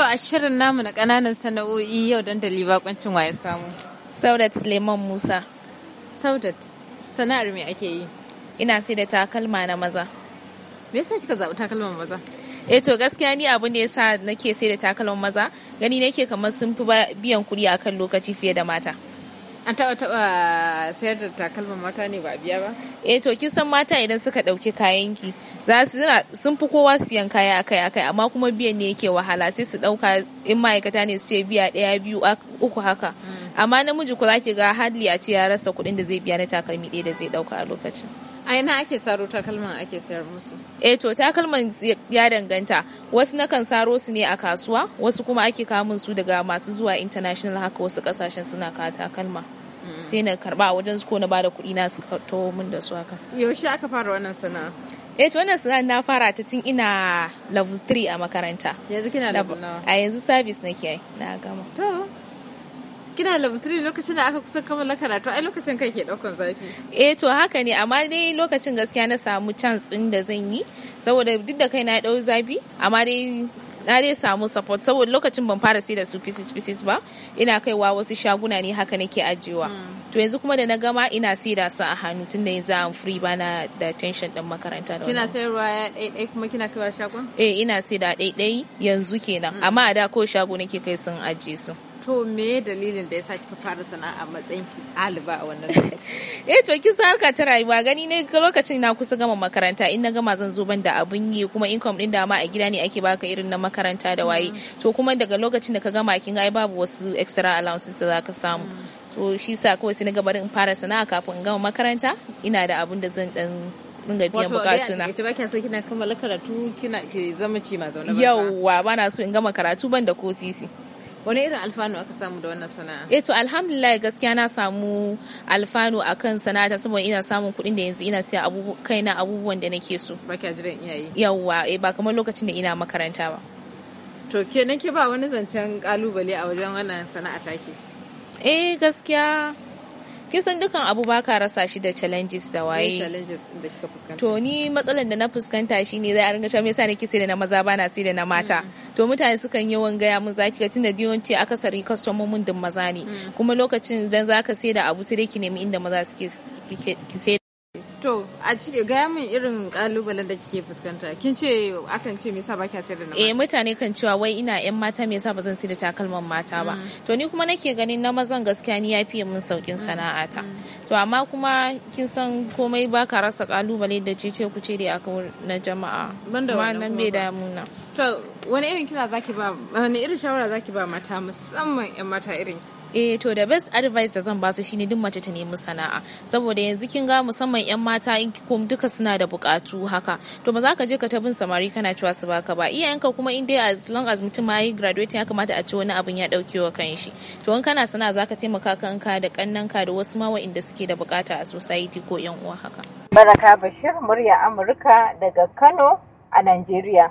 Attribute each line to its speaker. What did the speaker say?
Speaker 1: To a shirin namu na ƙananan sana'o'i yau dandali bakoncin waye samu. Saudat Suleiman Musa. Saudat, sana'ar me ake yi? Ina sai da takalma na maza. Me yasa kika zaɓi takalman maza?
Speaker 2: Eh to gaskiya ni abin da yasa nake sai da takalman maza, gani nake kamar sun fi biyan kuɗi akan lokaci fiye da mata.
Speaker 1: an taɓa taɓa sayar da takalman mata ne ba biya ba
Speaker 2: eh to kin san mata idan suka ɗauki kayanki za su sun fi kowa siyan kaya akai akai amma kuma biyan ne yake wahala sai su ɗauka in ma'aikata ne su ce biya ɗaya biyu uku haka hmm. amma namiji kula ki ga hadli a ce ya rasa kuɗin da zai biya na takalmi ɗaya da zai ɗauka a lokacin
Speaker 1: a ina ake saro takalman ake sayar musu
Speaker 2: eh to takalman ya danganta wasu na kan saro su ne a kasuwa wasu kuma ake kamun su daga masu zuwa international haka wasu kasashen suna ka takalma sai na karba a wajen su ko na bada kuɗi na su to min da su haka
Speaker 1: yaushe aka fara wannan sana'a
Speaker 2: eh to wannan sana'a na fara ta tun ina level 3 a makaranta yanzu kina level nawa a yanzu service nake yi na gama
Speaker 1: to kina level 3 lokacin da aka kusa kammala karatu ai lokacin kai ke daukan zafi
Speaker 2: eh to haka ne amma dai lokacin gaskiya na samu chance din da zan yi saboda duk da kai na dau zafi amma dai na dai samu support saboda lokacin ban fara sai da su pieces pieces ba ina kaiwa wasu shaguna ne haka nake ajiyewa hmm. to yanzu kuma da na gama ina sai da su a hannu tun da yanzu am free bana da tension din makaranta da kina
Speaker 1: sayarwa ɗaiɗai kuma kina kaiwa shagon
Speaker 2: eh ina sai da ɗaiɗai yanzu kenan hmm. amma a da ko shago nake kai sun ajiye su
Speaker 1: to me dalilin da ya sa kika fara sana'a a matsayin ki ɗaliba a wannan lokaci
Speaker 2: eh to kin san harka ta rayuwa gani ne lokacin na kusa gama makaranta in na gama zan zo ban da abun yi kuma income din da ma a gida ne ake baka irin na makaranta da waye mm. to kuma daga lokacin da ka gama kin ga babu wasu extra allowances da zaka samu mm. to shi sa kawai sai na gaba in fara sana'a kafin in gama makaranta ina da abun da zan dan dinga biyan bukatu na.
Speaker 1: Wato ba kyan so kina kammala karatu kina ke zama ce ma zaune ba.
Speaker 2: Yawwa ba na so in gama karatu ban da ko sisi.
Speaker 1: wani irin alfanu aka samu da wannan sana'a
Speaker 2: eh to alhamdulillah gaskiya na samu alfanu a akan sana'ata saboda ina samun kuɗin da yanzu ina siya abubu kaina abubuwan da nake so ba jiran iyaye yawa eh ba kamar lokacin da ina makaranta ba
Speaker 1: to kenan ke ba wani zancen kalubale a wajen wannan sana'a take
Speaker 2: eh gaskiya Kisan san dukan abu ba ka rasa shi da challenges da waye to ni matsalan da na fuskanta shi ne zai a ringa cewa me yasa nake sai da na maza ba na sai da na mata mm. to mutane sukan yawan gaya mun zaki ga tunda sari akasari mun din maza ne mm. kuma lokacin dan zaka sai da abu sai dai ki nemi inda maza suke ki sai
Speaker 1: To, a cike gaya min irin kalubalen da kike fuskanta. Kin ce akan ce me yasa ba kya sayar da eh,
Speaker 2: mata? Eh mutane kan cewa wai ina yan mata me yasa ba zan sayar da takalman mata ba. Mm. To ni kuma nake ganin na mazan gaskiya ni yafi min saukin mm, sana'ata. Mm. To amma kuma kin san komai ba ka rasa kalubale da cece ku ce da aka na
Speaker 1: jama'a. Banda wannan bai da muna. To, wani irin kira zaki ba wani irin shawara zaki ba mata musamman yan mata irin ki?
Speaker 2: eh to the best advice da zan ba su shine duk mace ta nemi sana'a saboda yanzu kin ga musamman yan mata in ko duka suna da bukatu haka to ba za ka je ka tabin samari kana cewa su baka ba iyayenka kuma in dai as long as mutum ma yi graduate ya kamata a ci wani abin ya dauke wa kanshi to in kana sana'a ka taimaka kanka da ka da wasu ma inda suke da bukata a society ko yan uwa haka
Speaker 1: baraka bashir murya amurka daga kano a nigeria.